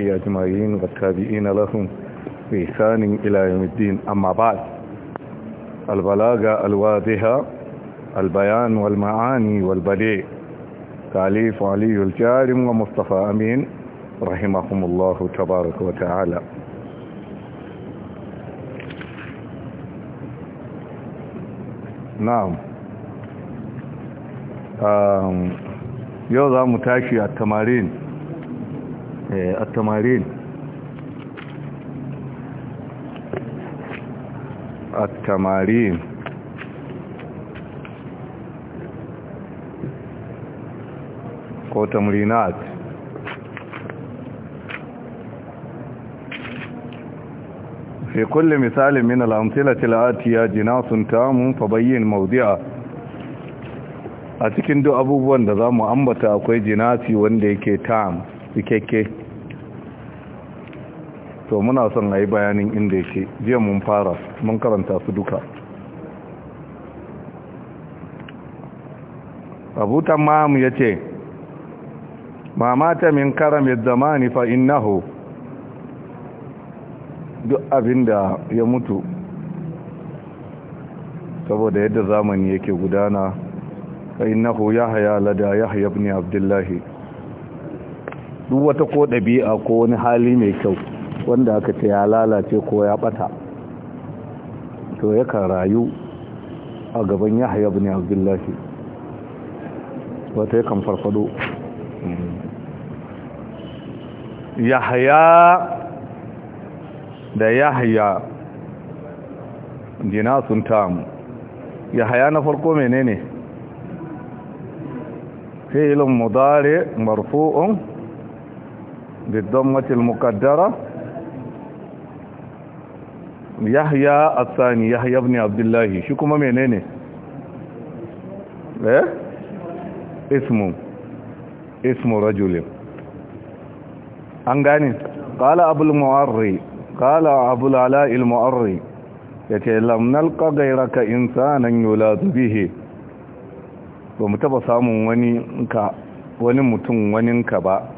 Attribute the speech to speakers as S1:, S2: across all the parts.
S1: أجمعين والتابعين لهم بإحسان إلى يوم الدين أما بعد البلاغة الواضحة البيان والمعاني والبديع تعليف علي الجارم ومصطفى أمين رحمهم الله تبارك وتعالى نعم يوضع متاشي التمارين Eh, a tamarin a tamarin ko tamarinat fi kulle misalin min al’amtila ti la’ati ya jina sun a cikin duk abubuwan da za mu ambata akwai jinasi wanda yake ta cikakke to muna son a yi bayanin inda yake jiya mun fara mun karanta su duka abutan mamu ya ce mamata min karamin zamani fa innahu duk abinda ya mutu saboda yadda zamani yake gudana fa innahu ya haya lada ya haya abdullahi duk wata ko ɗabi'a ko wani hali mai kyau wanda aka ce ya lalace ko ya ɓata to ya kan rayu a gaban ya haya bin abdullahi wata yakan farfado ya haya da sun tamu ya haya na farko menene ilin mudare marfu'un بالضمة المقدرة يحيى الثاني يحيى بن عبد الله شو كما منين ايه اسمه اسم رجل an gane kala abul mu'arri kala abul ala il mu'arri yace lam nalqa ghayraka insanan yuladu bihi ba taba samun wani mutum waninka ba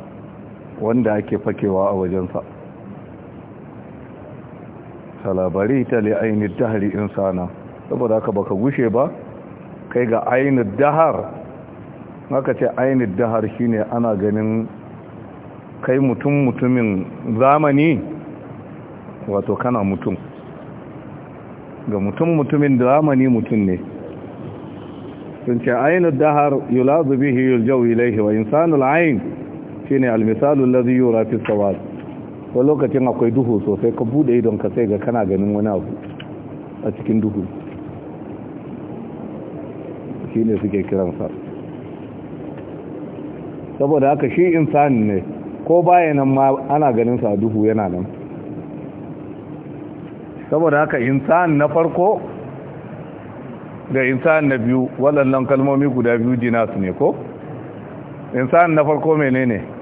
S1: wanda ake fakewa a wajensa salabari ta li ainihin dahari insana saboda haka baka gushe ba kai ga ainihin dahar haka ce ainihin dahar shine ana ganin kai mutum mutumin zamani wato kana mutum ga mutum mutumin zamani mutum ne sun ce ainihin dahar yulazu bihi yuljau ilaihi wa insanul ainihin shine almisalu allazi yura fi sawal ko lokacin akwai duhu sosai ka bude idon ka sai ga kana ganin wani abu a cikin duhu shine suke kiransa saboda haka shi insani ne ko bayanan ma ana ganin sa duhu yana nan saboda haka insani na farko da insani na biyu waɗannan kalmomi guda biyu dinasu ne ko insani na farko menene ne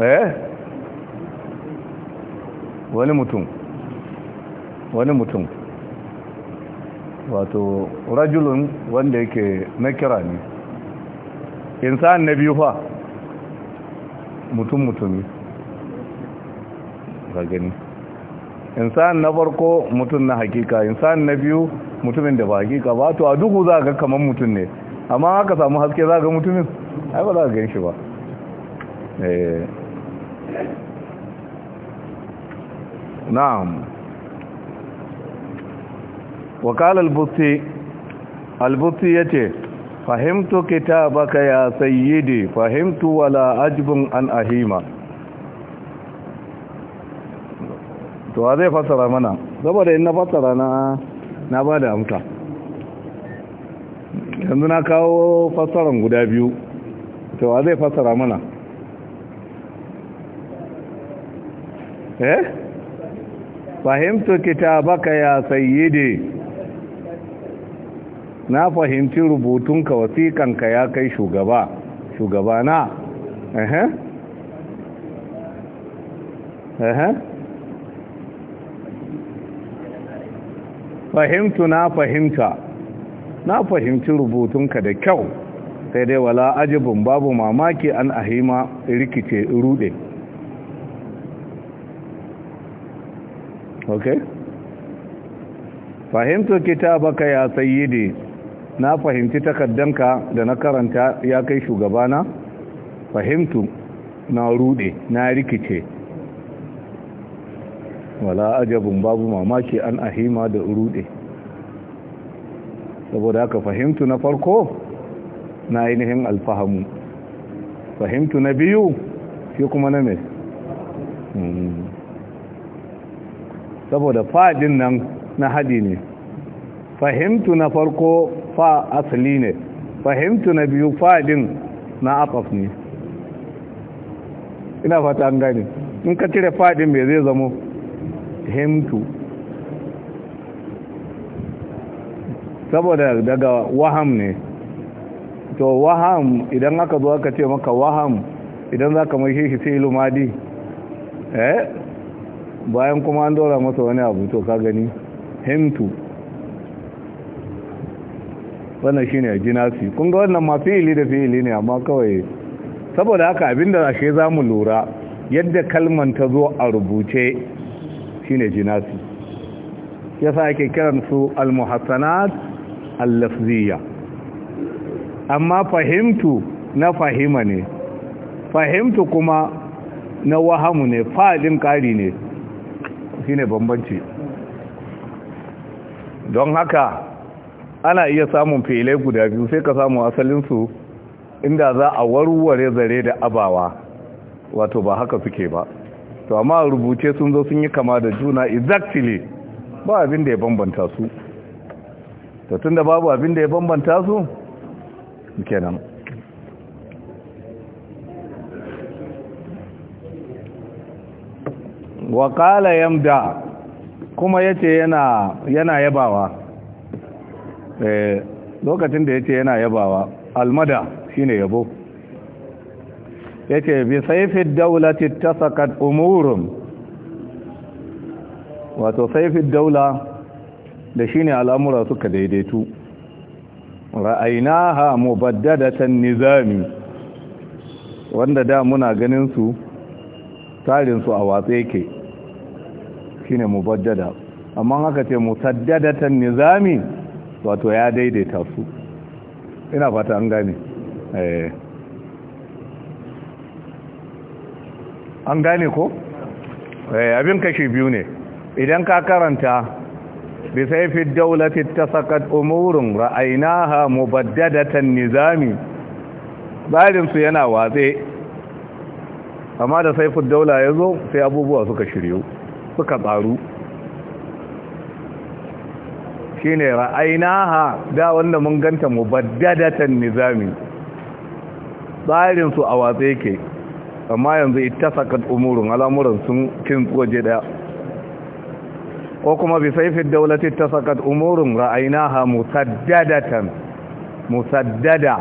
S1: eh wani mutum wani mutum wato rajulun wanda yake na kira ne insan na biyu fa mutum mutumi ga gani insan na farko mutum na hakika insan na biyu mutumin da ba hakika ba to a duhu za ga kamar mutum ne amma haka samu haske za ga mutumin ai ba za ga gan shi ba eh na'am وقال البطي البطي يتي فهمت كتابك يا سيدي فهمت ولا أجب أن أهيما to zai fasara mana saboda in na fasara na na ba amsa yanzu na kawo fasaran guda biyu to zai fasara mana eh fahimtu kitabaka ya sayyidi na fahimci rubutunka wasiƙanka ya kai shugaba na, eh eh fahimtu na fahimta na fahimci rubutunka da kyau sai dai wala ajibin babu mamaki an ahima rikice rude okay fahimtu kitabaka ya sayyidi na fahimci takaddanka da na karanta ya kai shugabana fahimtu na rude na rikice wala ajabun babu mamaki an ahima da rude saboda haka fahimtu na farko na ainihin alfahamu fahimtu na biyu shi kuma na mai saboda fadin nan na hadi ne fahimtu na farko fa asali ne fahimtu na biyu fadin na aqaf ne ina fata an gani. in ka cire fadin mai me zai zamo himtu saboda daga waham ne to waham idan aka zo aka ce maka waham idan za ka mai shi sai madi eh bayan kuma an dora masa wani abu to ka gani himtu wannan shine jinasi kun ga wannan ma fi'ili da fi'ili ne amma kawai saboda haka abinda ashe zamu lura yadda kalman ta zo a rubuce shine jinasi yasa ake kiran su al allafziya amma fahimtu na fahima ne fahimtu kuma na wahamu ne fadin kari ne shine bambanci don haka ana iya samun filai guda biyu sai ka samu asalinsu inda za a warware zare da abawa wato ba haka suke ba to amma rubuce sun zo sun yi kama da juna exactly ba abin da ya bambanta su to da babu abin da ya bambanta su kenan wa qala yamda kuma yace yana yana yabawa eh, lokacin da yace yana yabawa almada shine yabo yace bi sayfid dawlati tasaqat umurum wato sayfid dawla da shine al'amura suka daidaitu ra'ainaha mubaddadatan nizami wanda da muna ganin su tarin a watsa yake shine mubaddada amma haka ce mutaddadatan nizami wato ya daidaita su ina fata an gane eh an gane ko eh abin kashi biyu ne idan ka karanta bi sayfi dawlati tasaqat umurun ra'aynaha mubaddadatan nizami bayan su yana watse amma da saifin daula ya zo sai abubuwa suka shiryu suka baru shi ne ra'ainaha da wanda mun ganta mu baddadatan nizami tsarinsu a watsa yake amma yanzu ita sakat umurin al'amuran sun cin waje daya ko kuma bi saifin daulati ta sakat umurin ra'ainaha musaddadatan musaddada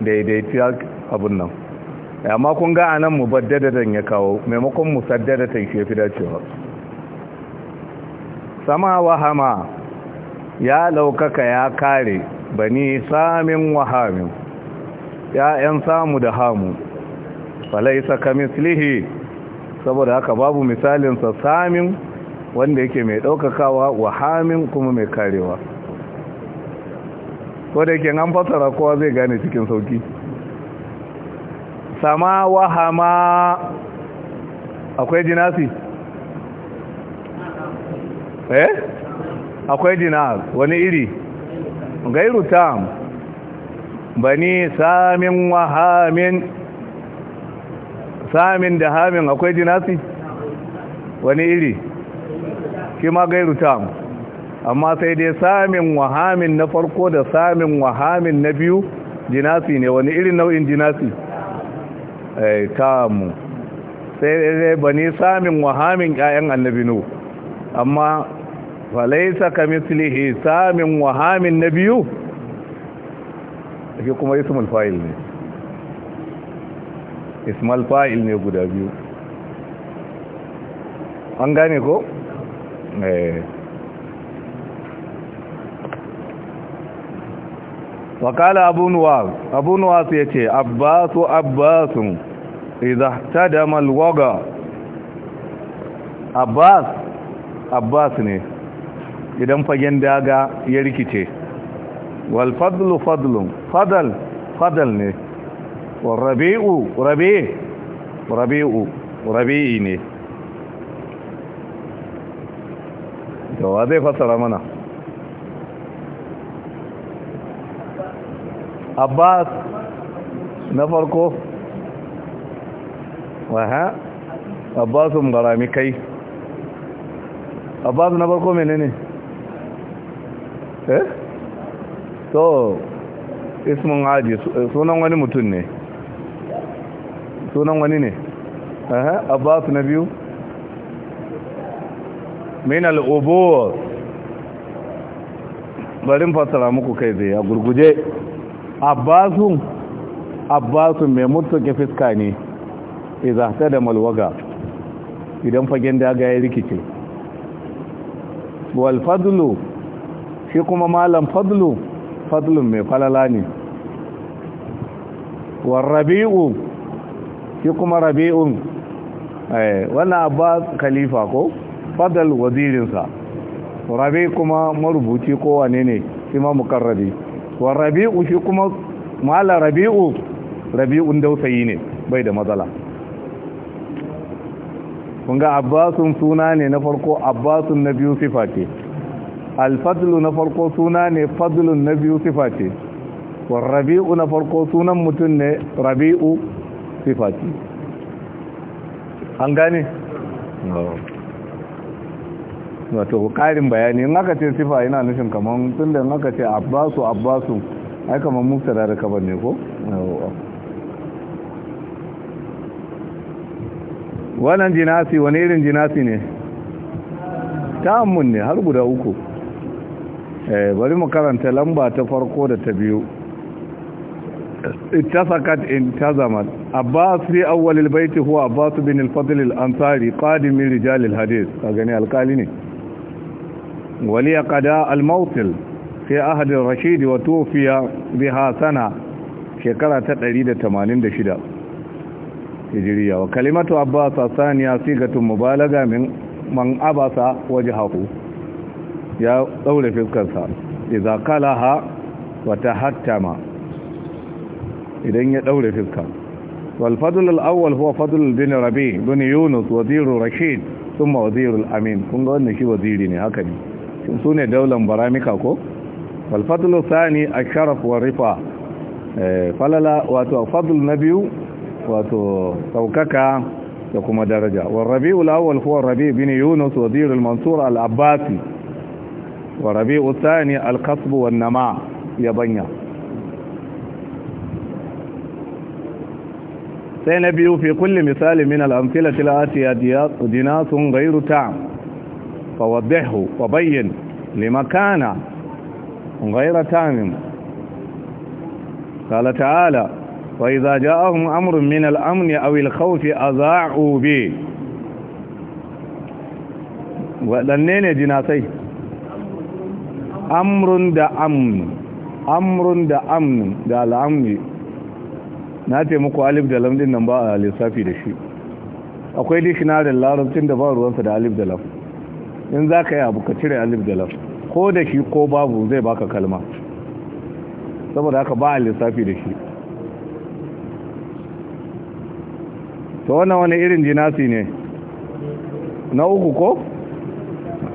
S1: daidaita abin nan amma kun ga anan mu baddadadan ya kawo maimakon mu saddadatan shi fi dacewa sama wahama ya laukaka ya kare bani samin wahamin ya'yan samu da hamu falaisa kamislihi saboda haka babu misalinsa samin wanda yake mai ɗaukakawa wahamin kuma mai karewa ko da yake an fasara kowa zai gane cikin sauki sama wahama akwai jinasi eh akwai jinas wani iri gairu tam bani samin wahamin samin da hamin akwai jinasi wani iri kima gairu tam amma sai dai samin wahamin na farko da samin wahamin na biyu jinasi ne wani irin nau'in jinasi Tamu eh, sai dai bani samin wahamin ƴaƴan annabi nu amma falaisa kamithlihi samin wahamin na biyu? ake kuma ismul fa'il ne ismul fa'il ne guda biyu an gane ko eh wakala abu nuwas abu ya ce abbasu abbasun idha da malwaga abbas abbas ne idan fagen daga ya rikice wal fadlu fadlun fadal fadal ne wal rabi'u rabi' rabi'u rabi'i ne da wa zai fasara mana abbas na farko waha abbasun um garami kai abbas na farko menene eh to ismin aji eh, sunan wani mutum ne sunan wani ne aha abbas na biyu min al'ubuwa barin fasara muku kai zai a gurguje abbasun abbasun mai mutuke fiska ne iza ta da malwaga idan fagen daga ya rikice wal fadlu shi kuma malam fadlu fadlun mai falala ne WarRabi'u, rabi'u shi kuma rabi'un eh, wannan abbas khalifa ko fadal wazirinsa rabi kuma marubuci kowane ne shi ma mukarrabi wa rabi'u shi kuma mala rabi'u rabi'un dausayi ne bai da matsala kun ga abbasun suna ne na farko abbasun na biyu sifa ce alfadlu na farko suna ne fadlun na biyu sifa ce rabi'u na farko sunan mutum ne rabi'u sifa ce an gane? wato ƙarin bayani in aka ce sifa yana nufin kamar tun da in aka ce abbasu abbasu ai kamar musa da kabar ne ko wannan jinasi wani irin jinasi ne ta amun ne har guda uku eh, bari mu karanta lamba ta farko da ta biyu اتفقت انتظمت عباس في اول البيت هو عباس بن الفضل الانصاري قادم من رجال الحديث كغني القالي ne waliya kada al-mawsil sai ahd ar-rashid wa tufiya biha sana shekara ta 186 hijriya wa kalimatu abbas asaniya sigatun mubalaga min man abasa wajhahu ya daure fiskarsa idza qalaha wa tahattama idan ya daure fiskar wal fadl al-awwal huwa fadl bin rabi bin yunus wazir rashid thumma wazir al-amin kun ga wannan shi waziri ne haka ne su ne daular baramika ko falfadlu sani a sharaf wa rifa falala wato fadl na biyu wato saukaka da kuma daraja wa rabi'ul awwal huwa rabi' bin yunus wazir al-mansur al-abbasi wa rabi'u thani al-qasb wan nama yabanya sai na biyu fi kulli misali min al-amthilati al-atiyat dinasun ta'am فوضحه وبين لمكان غير تامم قال تعالى وإذا جاءهم أمر من الأمن أو الخوف أضاعوا به waɗanne jinasai amrun da amnu amrun da amnu da al'amni na ce muku alif da lamdin nan ba a lissafi da shi akwai dishinarin larabcin da ba ruwansa da alif da lam in za ka yi abu ka cire alif da laf ko da shi ko babu zai baka kalma saboda haka ba a lissafi da shi ta wannan wani irin jinasi ne na uku ko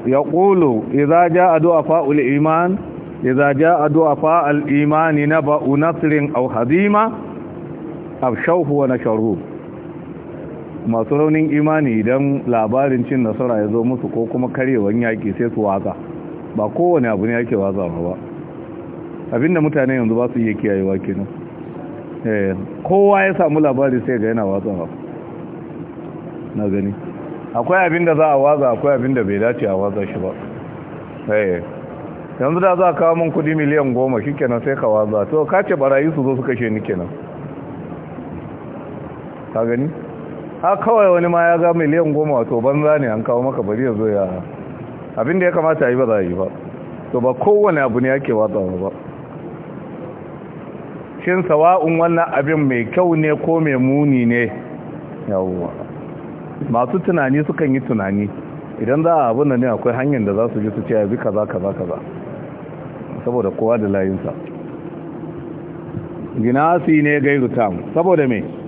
S1: ya ƙulu iza ja a du'a fa'ul iman iza ja a du'a fa'al imani na ba'u nasirin au hazima wa na sharuhu masu raunin imani idan labarin cin nasara ya zo musu ko kuma karyewan yaƙi sai su watsa ba kowane abu ne yake waza ba abinda mutane yanzu ba su iya kiyayewa kenan eh, kowa ya samu labari sai ga yana ba na gani akwai abinda za a watsa akwai abinda bai dace a watsa shi ba eh, yanzu da za a kawo min kudi miliyan goma shi kenan sai ka watsa to kace barayi su zo su kashe ni kenan ka gani ha kawai wani ma ya ga miliyan goma wato banza ne an kawo maka bari ya zo ya abin da ya kamata a yi ba za a yi ba to ba kowane abu ne yake watsa ba shin sawa'un wannan abin mai kyau ne ko mai muni ne yawwa masu tunani sukan yi tunani idan za a abin da ne akwai hanyar da za su ji su ce bi kaza kaza kaza saboda kowa da layinsa ginasi ne gairu tam saboda mai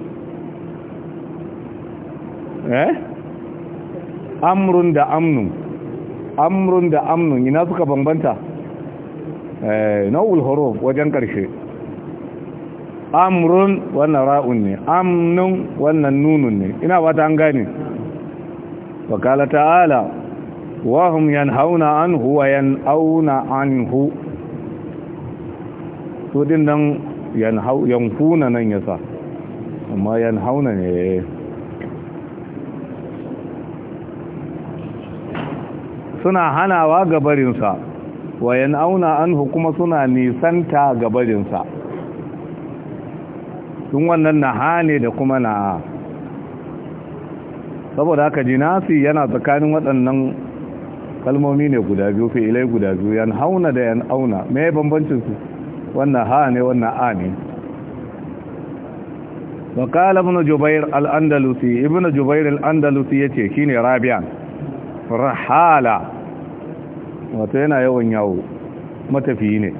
S1: eh amrun da amnun amrun da amnun ina suka bambanta eh nawul huruf wajen karshe amrun wannan ra'un ne amnun wannan nunun ne ina ba ta an gane wakala ta'ala wa hum yanhauna anhu wa yanauna anhu to din nan yanhau yankuna nan yasa amma yanhauna ne suna hanawa ga barinsa wayan auna an hukuma suna nisanta ga barinsa sun wannan na hane da kuma na saboda haka nasi yana tsakanin waɗannan kalmomi ne guda biyu fi ilai guda biyu yan hauna da yan auna mai bambancin su wannan ha ne wannan a ne wa qala ibn jubair al-andalusi ibn jubair al-andalusi yace shine rabi'an rahala wato yana yawan yawo matafiyi ne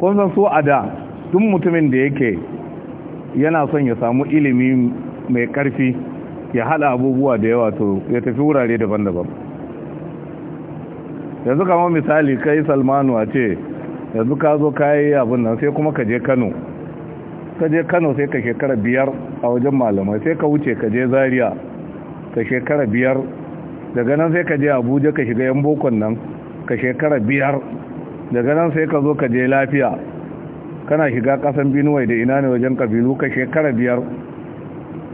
S1: kun san so a da duk mutumin da yake yana son ya samu ilimi mai karfi ya hada abubuwa da yawa to ya tafi wurare daban-daban yanzu kama misali kai salmanu a ce yanzu ka zo kayi abin nan sai kuma ka kano kaje kano sai ka shekara biyar a wajen malamai sai ka wuce ka je zaria ka shekara biyar daga nan sai ka je abuja ka shiga yan bokon nan ka shekara biyar daga nan sai ka zo ka je lafiya kana shiga kasan binuwai da ina ne wajen kabilu ka shekara biyar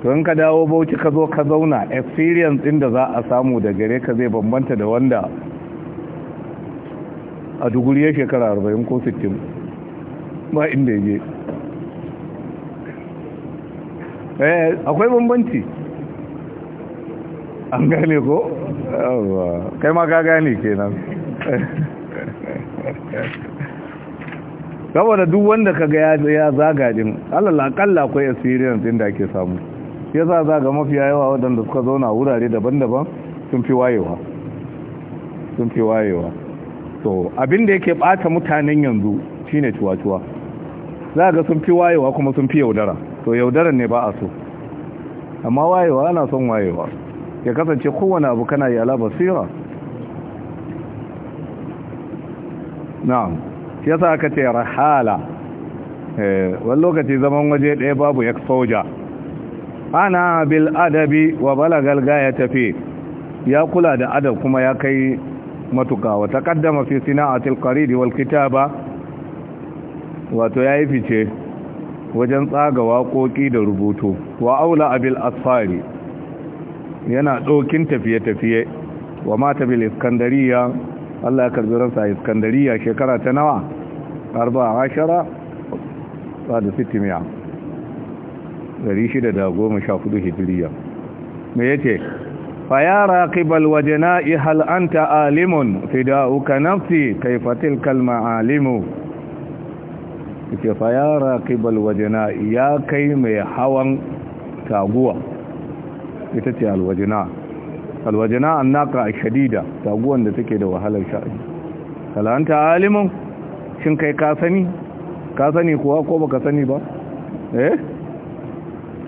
S1: to in ka dawo bauchi ka zo ka zauna experience din da za a samu da gare ka zai bambanta da wanda a duguri ya shekara arba'in ko sittin ba inda ya je eh akwai bambanci an gane ko kai ma ka gane kenan saboda duk wanda ka ga ya zaga din alal akalla akwai experience din da ake samu ya za zaga mafiya yawa waɗanda suka zauna wurare daban-daban sun fi wayewa sun fi wayewa to abin da yake bata mutanen yanzu shine a ga sun fi wayewa kuma sun fi yaudara to yaudaran ne ba a so amma wayewa ana son wayewa ya kasance kowane abu kana yi alabar basira na'am shi yasa aka ce rahala eh, wani lokaci zaman waje ɗaya babu X-soja. ana bil adabi wa balagal ya tafi ya kula da adab kuma ya kai matuka wa taqaddama fi sina'atil qaridi wal kitaba wato yayi fice wajen tsaga waƙoƙi da rubutu wa aula abil asfari yana ɗokin tafiye-tafiye wa mata bil iskandariya Allah ya karbi ransa a Iskandariya shekara ta nawa shida da sha 614 hijiriya me yake fa ya raqibal wajna'i hal anta alimun fida'uka nafsi kayfa tilkal ma'alimu yace fa ya raqibal wajna'i ya kai mai hawan taguwa ita ce alwajna an naka a shadida taguwan da take da wahalar sha'ani kalanta alimin shin kai ka sani kuwa ko baka sani ba eh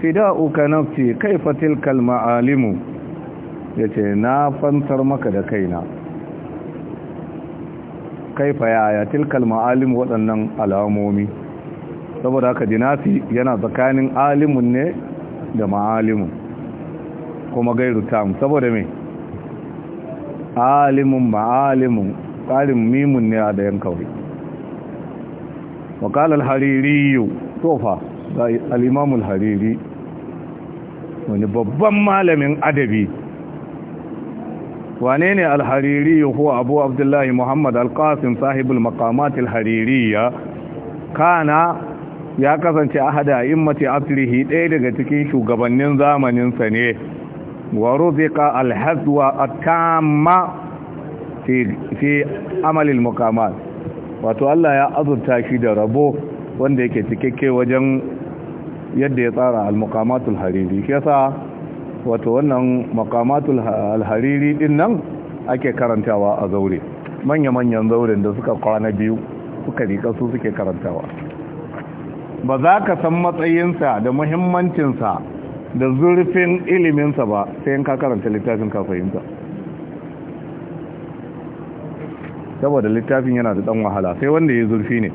S1: fida'uka nafsi kaifa tilkal ma'alimu yace na fantar maka da kaina kaifa yaya tilkal ma'alim waɗannan alamomi saboda haka dinasi yana tsakanin alimun ne da ma'alimun kuma gairu tam saboda mai alimun ma'alimun ƙarin mimun ne a da yan kauri wakalar haririyu tofa da al'imamul hariri wani babban malamin adabi wane ne alhariri huwa abu abdullahi muhammad alkasim sahibul makamat alhaririya kana ya kasance a ahada immati asirihi ɗaya daga cikin shugabannin zamaninsa ne ورزق ka alhazwa في, في عمل المقامات wato Allah ya azurta shi da rabo wanda yake cikakke wajen yadda ya tsara al-muqamatul hariri shi yasa wato wannan muqamatul al-hariri din nan ake karantawa a zaure manya-manyan zauren da suka kwana biyu suka rika su suke karantawa ba za ka san matsayinsa da muhimmancinsa da zurfin iliminsa ba sai yin ka karanta littafin ka fahimta saboda littafin yana da dan wahala sai wanda ya zurfi ne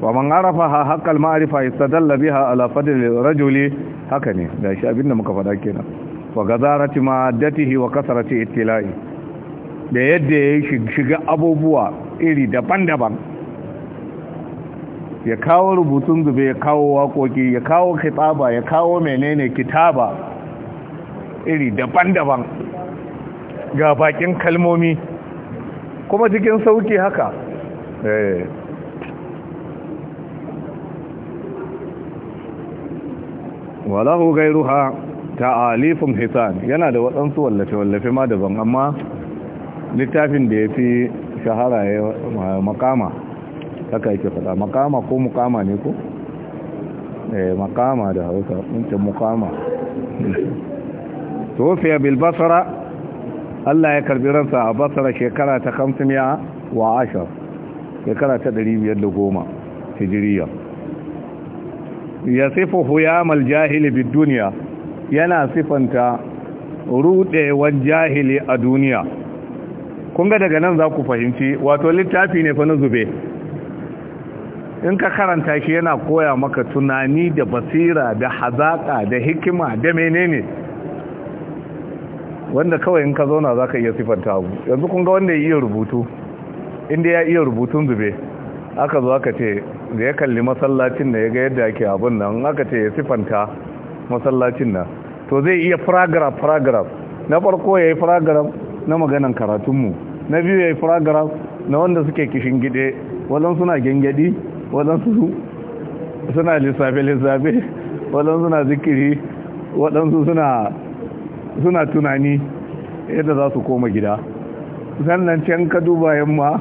S1: wa man ha haƙƙal ma'rifa istadalla biha ala fadli rajuli haka ne da shi abinda muka faɗa kenan wa gazarati ma'addatihi wa kasarati ittila'i da yadda ya shiga abubuwa iri daban-daban ya kawo rubutun zube ya kawo waƙoƙi ya kawo kitaba ya kawo menene kitaba iri daban-daban ga bakin kalmomi kuma cikin sauki haka eh. walahu gairuha alifin hisan yana da waɗansu wallafe-wallafe ma daban amma littafin da ya fi shahara ya makama haka yake faɗa makama ko mukama ne ko eh makama da hausa inta mukama tofiya bil basra Allah ya karbi ransa a basra shekara ta 510 shekara ta 510 hijriya yasifu huyamal jahili bid dunya yana sifanta rudewan jahili a duniya kun ga daga nan za ku fahimci wato littafi ne fa na zube in ka karanta shi yana koya maka tunani da basira da hazaka da hikima da menene wanda kawai in ka zauna za ka iya siffanta abu yanzu kun ga wanda ya iya rubutu inda ya iya rubutun zube aka zo aka ce da ya kalli masallacin da ya ga yadda ake abin nan aka ce ya siffanta masallacin nan to zai iya paragraph paragraph na farko ya yi paragraph na maganan karatunmu na biyu ya yi paragraph na wanda suke kishin gide walan suna gengedi waɗansu suna lissafe-lissafe waɗansu suna zikiri waɗansu suna tunani yadda za su koma gida sannan can ka duba yamma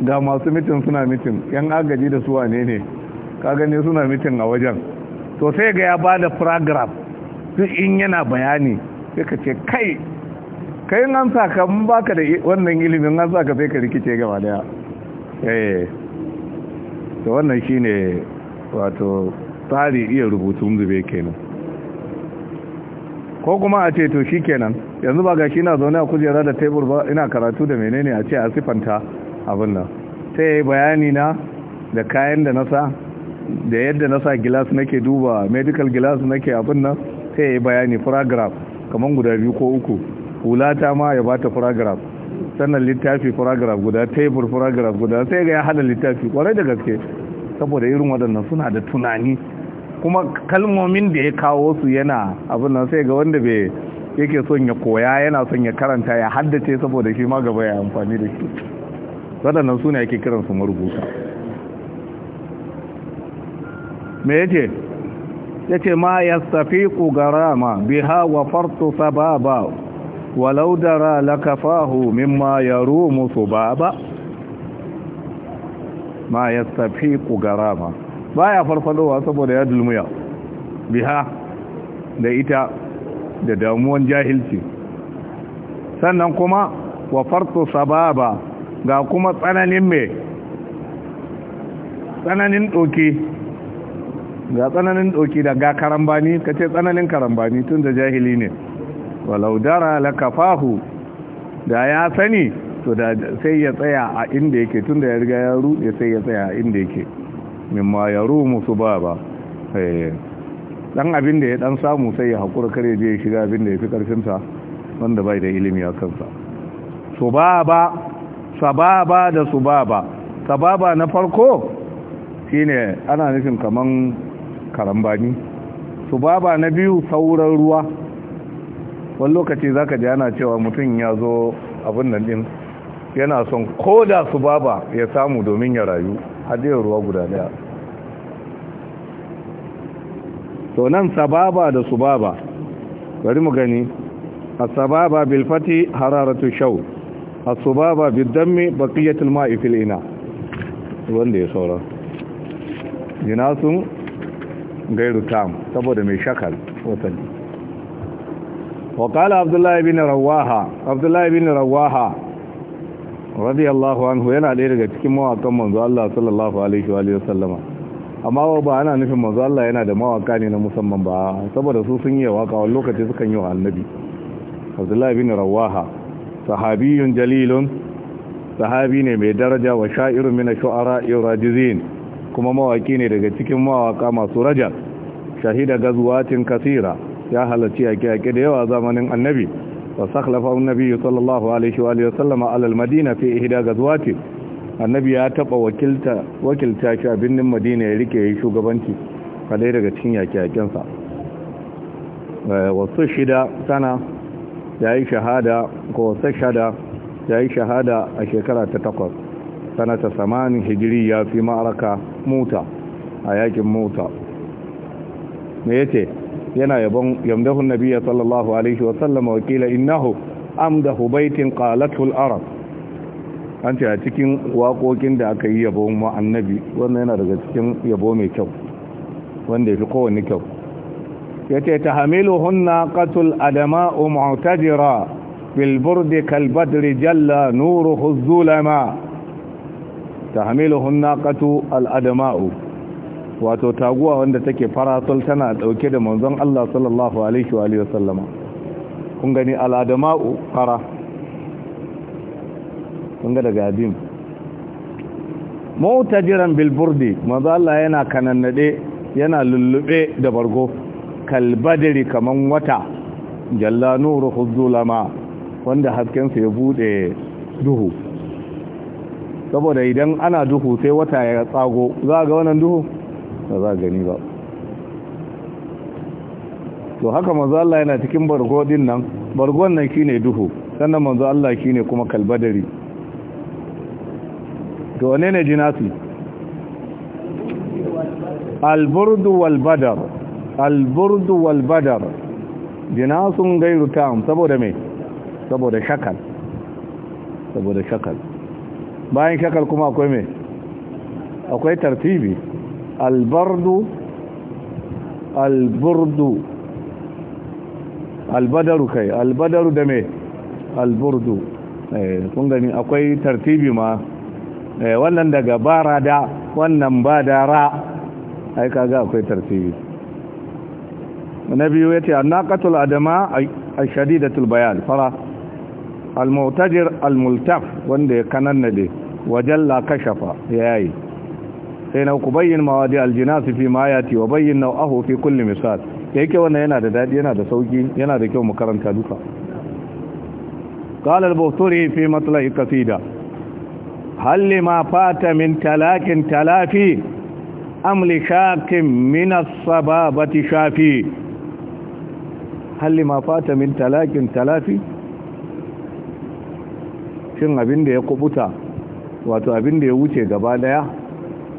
S1: ga masu mitin suna mitin yan agaji da su wane ne ka gani suna mitin a wajen to sai ga ya ba da paragraph duk in yana bayani sai ka ce kai kai an saka mun baka da wannan ilimin an saka sai ka rikice gaba daya eh to wannan shine wato tsari iya rubutun zube kenan ko kuma a ce to shi kenan yanzu ba ga shi na zaune a kujera da tebur ba ina karatu da menene a ce a sifanta abin nan sai ya yi bayani na da kayan da nasa da yadda nasa gilas nake duba medical gilas nake abin nan sai ya yi bayani paragraph kamar guda biyu ko uku hula ta ma ya bata paragraph sannan littafi paragraph guda tebur paragraph guda sai ga ya hada littafi kwarai da gaske saboda irin waɗannan suna da tunani kuma kalmomin da ya kawo su yana abin nan sai ga wanda bai yake son ya koya yana son ya karanta ya haddace saboda shi ma gaba ya amfani da shi waɗannan suna yake kiransu marubuta me Ya yace ma yastafiqu garama biha wa fartu sababa walau dara lakafahu mimma ba ba ma ku garama ya farfadowa saboda ya dulmiya biha da ita da damuwan jahilci sannan kuma wa farto sababa ga kuma tsananin mai tsananin doki ga tsananin doki da ga karambani kace tsananin karambani tun da jahili ne walau dara lakafahu da ya sani to da sai ya tsaya a inda yake tunda ya riga ya rude sai ya tsaya a inda yake mimma ya rumu su ba eh, dan abin da ya dan samu sai ya hakura kare je ya shiga abin da ya fi karfinsa wanda bai da ilimi a kansa subaba sababa da subaba sababa na farko shine ana nufin kaman karambani subaba na biyu sauran ruwa wani lokaci za ka ji ana cewa mutum ya zo abin nan din yana son ko da su baba ya samu domin ya rayu hadiyar ruwa guda daya to nan sababa da su baba bari mu gani asababa bil fati hararatu shaw asubaba bid dami baqiyatul ma'i fil ina wanda ya saura jinasun gairu tam saboda mai shakal watan وقال عبد الله بن رواحه عبد الله بن رواحه رضي الله عنه yana ɗaya daga cikin mawakan manzo Allah sallallahu alaihi wa sallama amma ba ana nufin manzo Allah yana da mawaka ne na musamman ba saboda su sun yi waka wani lokaci sukan yi wa annabi Abdullah bin Rawaha sahabiyun jalilun sahabi ne mai daraja wa sha'irun min ash-shu'ara yurajizin kuma mawaki ne daga cikin mawaka masu raja shahida gazwatin kasira ya halarci yaƙe-yaƙe da yawa zamanin annabi wa sakhlafa annabi sallallahu alaihi wa sallama alal madina fi ihda gazwati annabi ya taba wakilta wakilta shi a birnin madina ya rike yi shugabanci kadai daga cikin yaƙe-yaƙen sa eh, wasu shida sana yayi shahada ko wasu shada yayi shahada a shekara ta takwas sanata hijiri ya fi ma'araka mota a yakin mota me yace yana yabon yamdahu Nabiya sallallahu alaihi wa sallam innahu amdahu baitin qalathu al-arab an ce a cikin waƙoƙin da aka yi yabon ma annabi wannan yana daga cikin yabo mai kyau wanda yafi kowanne kyau yace hunna qatul adama'u mu'tajira bil burdi kal badri jalla nuruhu az-zulama tahamiluhunna qatul adama'u wato taguwa wanda take farasol tana dauke da manzon Allah sallallahu alaihi wa alihi wasallama kun gani aladama'u fara kun ga daga abin bil bilburdi manzon Allah yana kanannade yana lullube da bargo badri kaman wata jalla nuru khuzulama wanda hasken sa ya bude duhu saboda idan ana duhu sai wata ya tsago za ga wannan duhu ba za gani ba to haka manzo Allah yana cikin bargo din nan bargon nan shine duhu sannan manzo Allah shine kuma kalbadari to wane ne jinasi alburdu wal badar alburdu wal badar jinasun gairu tam saboda me saboda shakal saboda shakal bayan shakal kuma akwai me akwai tartibi albardu alburdu albadaru kai albadaru دمي البرد alburdu kun gani akwai tartibi ma wannan daga bara da wannan ba da ra ai kaga akwai tartibi na yace anaqatul adama ashadidatul bayan fara almu'tajir almultaf wanda ya kananna de wajalla kashafa yayi sai na ku bayyin mawadi aljinasi fi ma yati wa bayyin nau'ahu fi kulli misal yake wannan yana da dadi yana da sauki yana da kyau mu karanta duka qala al-bukhari fi matla'i qasida hal lima fata min talakin talafi am li shakin min as-sababati shafi hal lima fata min talakin talafi shin abin da ya kubuta wato abin da ya wuce gaba daya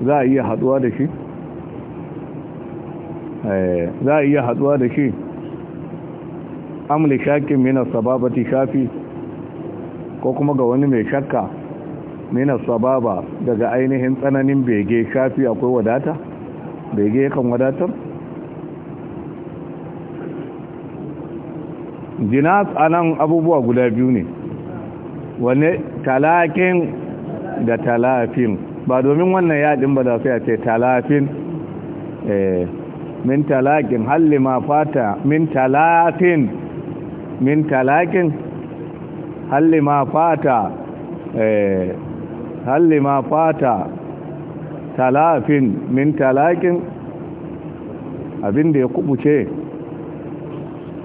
S1: za a iya haduwa da shi eh, za a iya haduwa da shi amli shakin mina sababati shafi ko kuma ga wani mai shakka mina sababa daga ainihin tsananin bege shafi akwai wadata bege kan wadatar jinas anan abubuwa guda biyu ne wane talakin da talafin ba domin wannan yaɗin ba da sai a ce talafin eh, min talakin halli ma fata min talakin min talakin halli ma fata eh, halli ma fata talafin min talakin abinda ya kubuce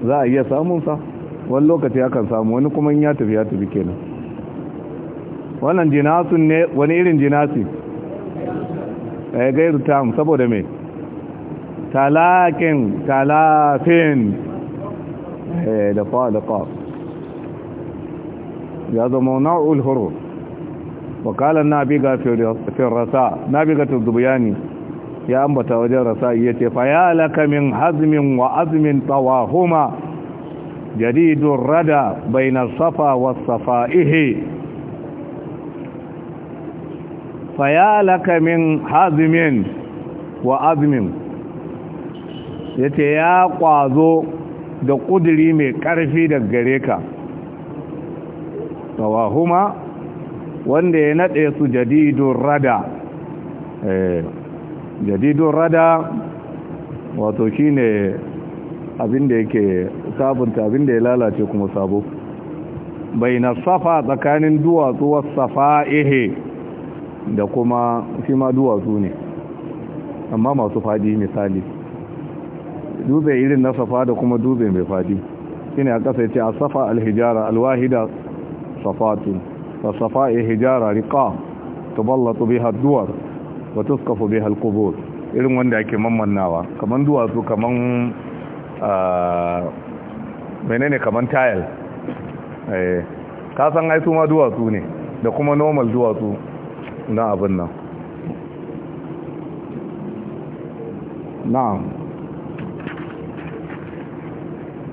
S1: za a iya samunsa wani lokaci akan samu wani kuma ya tafi ya tafi kenan wannan jinasun ne wani irin jinasi ya eh, gairu tam saboda mai talakin talafin eh, da fa da fa ya zama na'ul huru wakalar nabi ga fin rasa nabi ga ya ambata wajen rasa iya ce faya laka min hazmin wa azmin tsawahuma jaridun rada na safa wasu safa'ihe faya laka min hazimin wa azmin ya ce ya ƙwazo da ƙudiri mai ƙarfi da gare ka tawahuma wanda ya naɗe su jadidun rada jadidun rada wato shi ne abinda yake sabunta ya lalace kuma sabo bai na safa tsakanin duwatsu wasu safa ihe da kuma shi ma duwatsu ne amma masu fadi misali dube irin na safa da kuma dube mai fadi shine a ƙasa yace as-safa al-hijara al-wahida safa was-safa hijara riqa tuballatu biha ad-duwar wa tuskafu biha al-qubur irin wanda ake mammannawa kaman duwatsu kaman menene kaman tile eh ka san ai su ma duwatsu ne da kuma normal duwatsu na abin nan na'am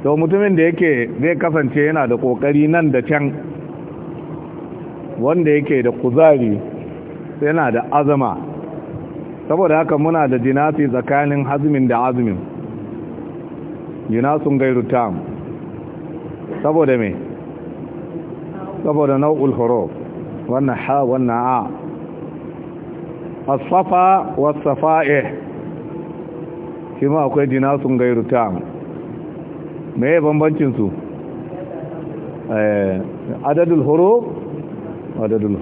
S1: to mutumin da yake zai kasance yana da kokari nan da can wanda yake da kuzari yana da azama saboda haka muna da jinasi tsakanin hazmin da azmin jinasun gairu tam saboda mai saboda nau'ul horo wannan ha wannan a asafa safa shi ma akwai dinasun gairu ta mai bambancin su eh, adadul adadul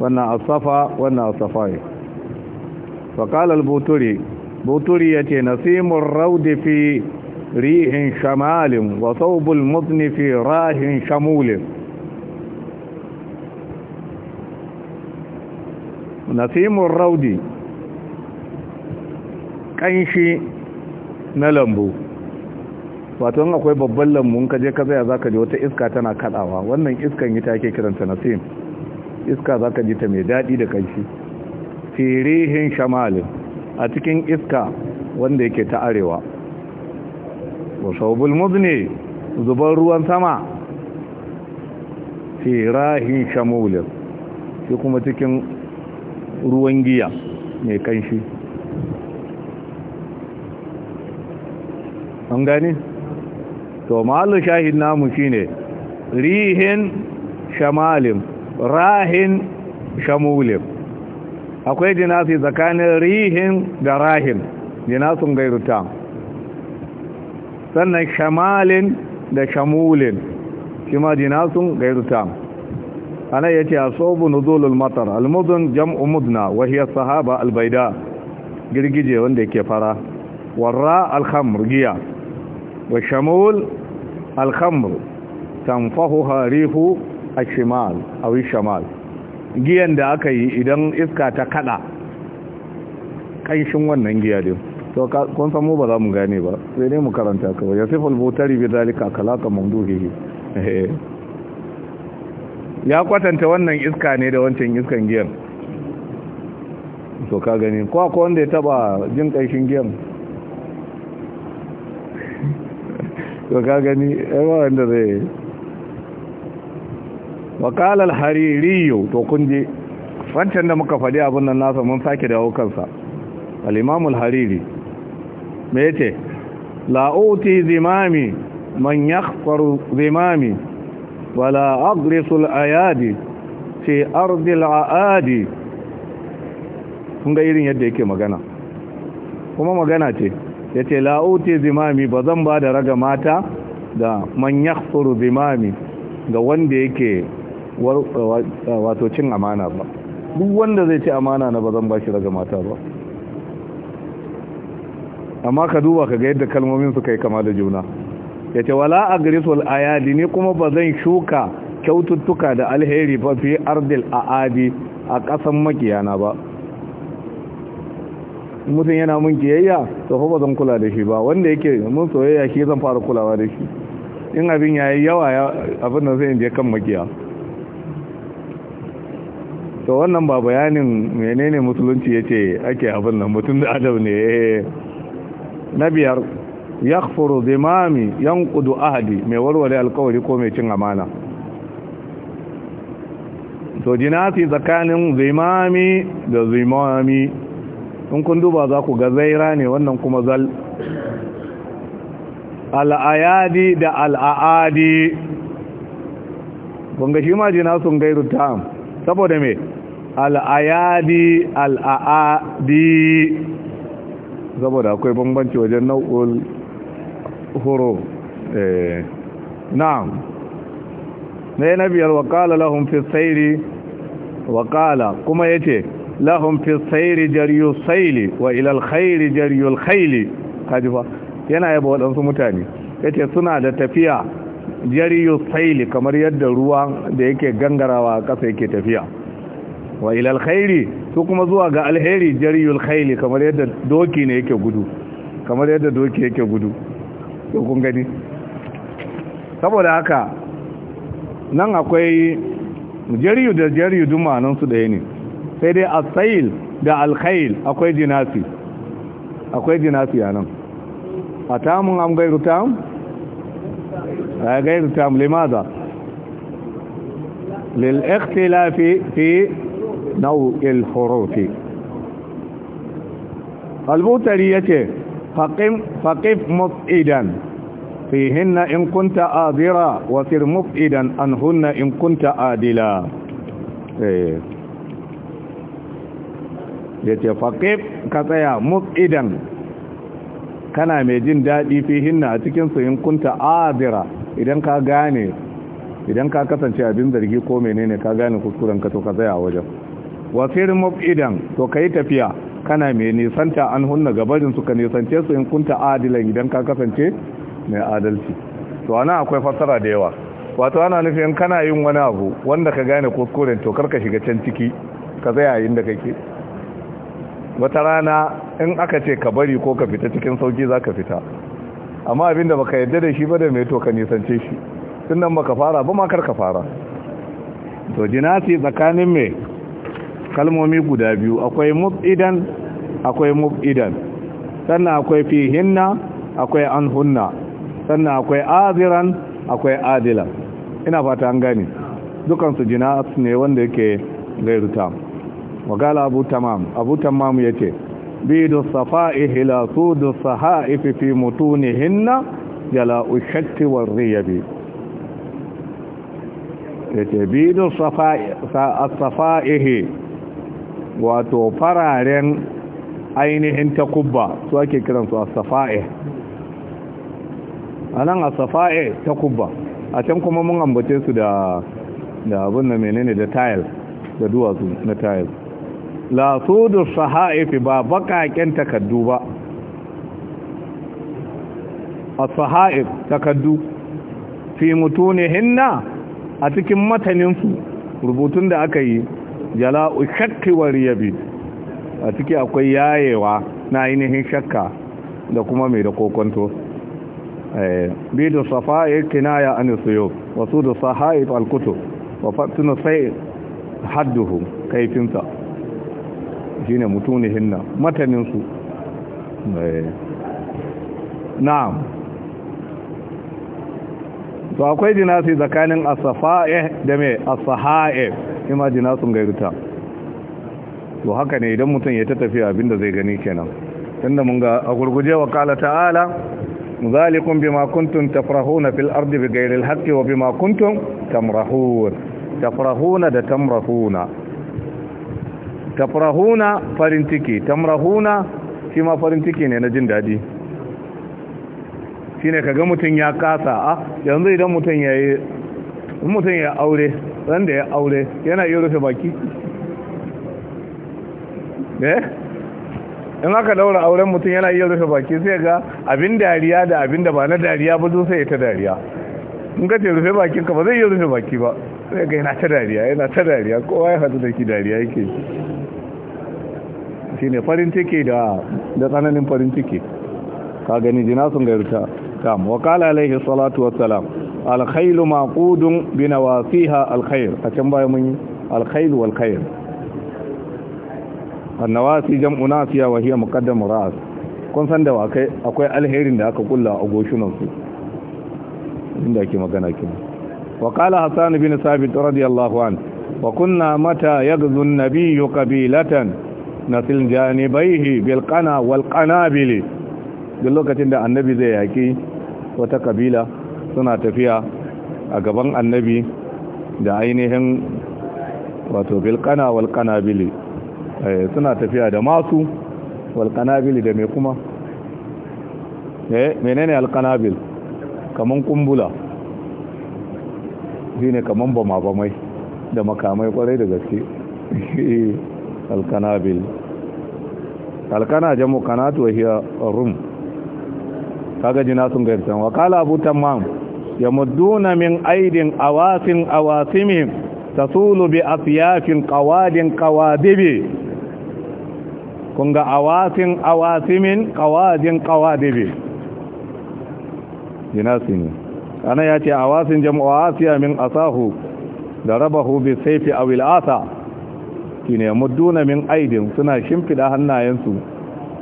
S1: wannan asafa wannan as-safa'i buturi buturi yace nasimun rawdi fi rihin shamalin wa thawbul muzni fi rahin shamulin nasimun raudi kanshi na lambu wato an akwai babban lambun je ka zaya za ka ji wata iska tana kaɗawa wannan iskan yi ta ke kiranta nasim iska za ka ji ta mai daɗi da kanshi firihin shamalin a cikin iska wanda yake ta arewa wasaubul muzni zuban ruwan sama firahin shamulin shi kuma cikin ruwan giya mai kanshi an gani to mahallu shahid namu shine rihin shamalim rahin shamulim akwai jinasi tsakanin rihin da rahin jinasun gairuta sannan shamalin da shamulin shi ma jinasun gairuta ana yace asabu nuzulul matar almudun jam'u mudna wa hiya sahaba albayda girgije wanda yake fara warra alkhamr giya wa shamul alkhamr tanfahuha rihu ashimal aw giyan da aka yi idan iska ta kada kanshin wannan giya din to kun san mu ba za mu gane ba sai ne mu karanta kawai yasiful butari bi zalika kalaka mamduhihi ya kwatanta wannan iska ne da wancan iskan giyan so ka gani ko wanda ya taba jin kaishin giyan so ka gani ewa wanda zai wakalar Hariri yau to kunje wancan da muka faɗi abin nan nasa mun sake da kansa al'imamul hariri me ce la'uti zimami man ya zimami ولا أغرس الأيادي في أرض العادي ga irin yadda yake magana kuma magana ce yace ce la'uti zimami ba zan ba da raga mata da manyan furu zimami ga wanda yake wato cin amana ba duk wanda zai ci amana na ba zan ba shi raga mata ba amma ka duba ka ga yadda kalmomin suka yi kama da juna ya ce wala grisul ayadi ni kuma ba zan shuka kyaututtuka da alheri ba fi ardil aadi a ƙasan makiyana ba mutum yana mun kiyayya ta fa ba zan kula da shi ba wanda yake mun soyayya shi zan fara kulawa da shi in abin ya yi yawa abin da zai je kan makiya to wannan ba bayanin menene musulunci ya ce ake abin nan mutum da adam ne eh, eh. na biyar yaghfuru dhimami yanqudu ahdi mai warware alkawari ko mai cin amana to jinasi tsakanin zimami da zimami in kun duba za ku ga zaira ne wannan kuma zal al'ayadi da al'aadi kunga shi ma sun gairu ta saboda me al'ayadi al'aadi saboda akwai bambanci wajen nau'ul horo na'am na na biyar waƙala lahun fi waƙala kuma ya ce lahun fi sairi jariyu saili wa ilal khairi jariyu khaili kajifa yana yaba waɗansu mutane ya ce suna da tafiya jariyu saili kamar yadda ruwa da yake gangarawa ƙasa yake tafiya wa ilal khairi su kuma zuwa ga alheri jariyu haili kamar yadda doki ne yake gudu kamar yadda doki yake gudu kun gani saboda haka nan akwai jariyu da jariyu dumanin su ɗaya ne sai dai asail da alkhail akwai jinasi akwai jinasi a nan a tamun am gairu tam? a gairu tam limaza
S2: lil'ikhtilafi
S1: fi nau'il hurufi albutari ya ce فقم فقف مفئدا in kunta كنت آذرا وصر an hunna in kunta آدلا يتي فقف faƙif ka tsaya muf'idan kana mai jin daɗi fihinna a cikinsu in kunta idan ka kasance abin zargi ko menene ka gane kuskuren ka to ka tsaya wajen wasir muf'idan to kai tafiya kana mai nisanta an hunna gabarin suka nisance su in kunta adilan idan ka kasance mai adalci to ana akwai fassara da yawa wato ana nufin kana yin wani abu wanda ka gane kuskuren to karka shiga can ciki ka tsaya yayin da kake wata rana in aka ce ka bari ko ka fita cikin sauki za ka fita amma abinda baka yadda da shi ba da mai to ka nisance shi tun nan baka fara ba ma kar ka fara to jinasi tsakanin mai kalmomi guda biyu akwai mub'idan akwai mub'idan sannan akwai fihinna akwai anhunna sannan akwai aziran akwai adilan ina fata an gani su jina'at ne wanda yake gairuta wagala abu tamam abu tamam yace bidu safa'i ila sudu saha'ifi fi mutunihinna jala ushatti riyabi. yace bidu safa'ihi wato fararen ainihin ta kubba su ake kiransu a safa'e, a nan a ta kubba a can kuma mun ambace su da da abin da menene da tile da duwatsu na tile la sudu sahaifi ba bakaken takaddu ba a sahaif takaddu fi hinna a cikin mataninsu rubutun da aka yi jala'u shakki wa riyabi a ciki akwai yayewa na ainihin shakka da kuma mai da kokonto eh, da safa ya kinaya an suyo wasu da sahaif alkutu wa fatinu sai hadduhu kaifinsa shine mutunihin nan mataninsu eh, na'am to akwai jinasi tsakanin asafa'i da mai asaha'i sun gairu gairuta to haka ne idan mutum ya ta tafiya abinda zai gani kenan tunda mun ga a gurguje wa kala ta'ala zalikum bima kuntum tafrahuna fil ardi bighairi alhaqqi wa bima kuntum tamrahun tafrahuna da tamrahuna tafrahuna farin ciki tamrahuna shi ma farin ciki ne na jin dadi shine kaga mutum ya kasa a ah, yanzu idan mutum yayi mutum ya aure wanda ya aure yana iya rufe baki ne eh? in aka daura auren mutum yana iya rufe baki sai ga abin dariya da abin da ba na dariya ba zo sai ta dariya in ka ce rufe bakin ka ba zai iya rufe baki ba sai ga yana ta dariya yana ta dariya kowa ya hadu da ki dariya yake shine farin ciki da da tsananin farin ciki ka gani jina sun gairta tam wa qala alaihi salatu wassalam al khaylu maqudun bi nawasiha al a can baya mun yi al khayl wal khayr an nawasi jam'u nasiya wa hiya muqaddam ra'as kun san da akai akwai alherin da aka kulla a goshunan su inda ake magana kin wa qala hasan bin sabit radiyallahu an wa mata yaghzu an kabilatan qabilatan nasil janibaihi bil qana wal qanabil duk lokacin da annabi zai yaƙi wata kabila suna tafiya a gaban annabi da ainihin wato bilkana walkanabili eh, suna tafiya da masu walkanabili da mai kuma eh, menene alkanabil kaman kumbula zai ne kaman bama da makamai kwarai da gaske alkanabil alkana jamu kanatu wa hiyar rum kaga jinasun gairtan wa qala abu tamam mudduna min aidin awasin awasimi tasulu bi afyafin qawadin qawadibi kunga awasin awasimin qawadin qawadibi jinasin ana yace awasin jam'u asiya min asahu darabahu bi sayfi aw al asa kine mudduna min aidin suna shimfida hannayensu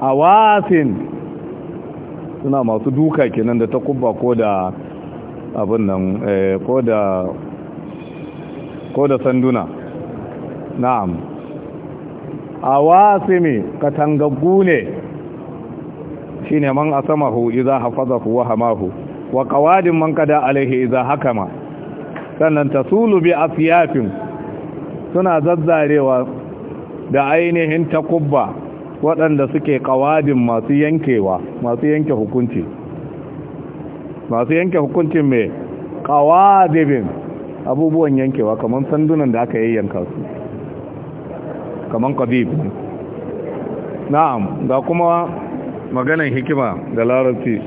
S1: awasin suna masu duka kenan da kubba ko da abin nan eh, ko da ko da sanduna na'am awasimi katangaggu ne shine man asamahu idza hafaza wa hamahu wa qawadin man kada alaihi idza hakama sannan tasulu bi afyafin suna zazzarewa da ainihin takubba waɗanda suke kawadin masu yankewa masu yanke hukunci masu yanke hukuncin mai kawadibin abubuwan yankewa kamar sandunan da aka yayyanka su kamar kadib na'am ga kuma maganan hikima da larabci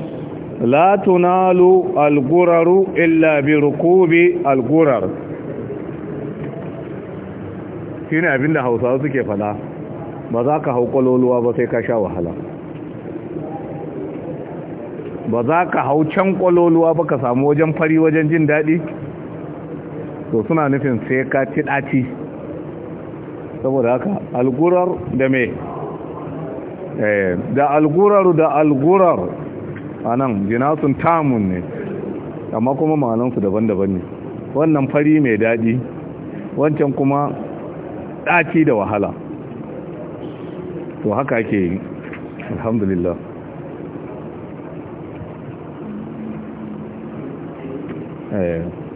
S1: la tunalu alguraru illa bi rukubi algurar shine abinda hausawa suke fada ba za ka hau kwaloluwa ba sai ka sha wahala ba za ka hau can kwaloluwa ba ka samu wajen fari wajen jin daɗi to suna nufin sai ka ci ɗaci saboda haka algurar da me eh, da algurar da algurar a nan jinasun tamun ne amma kuma ma'anansu daban-daban ne wannan fari mai daɗi wancan kuma ɗaci da wahala to haka ake yi alhamdulillah eh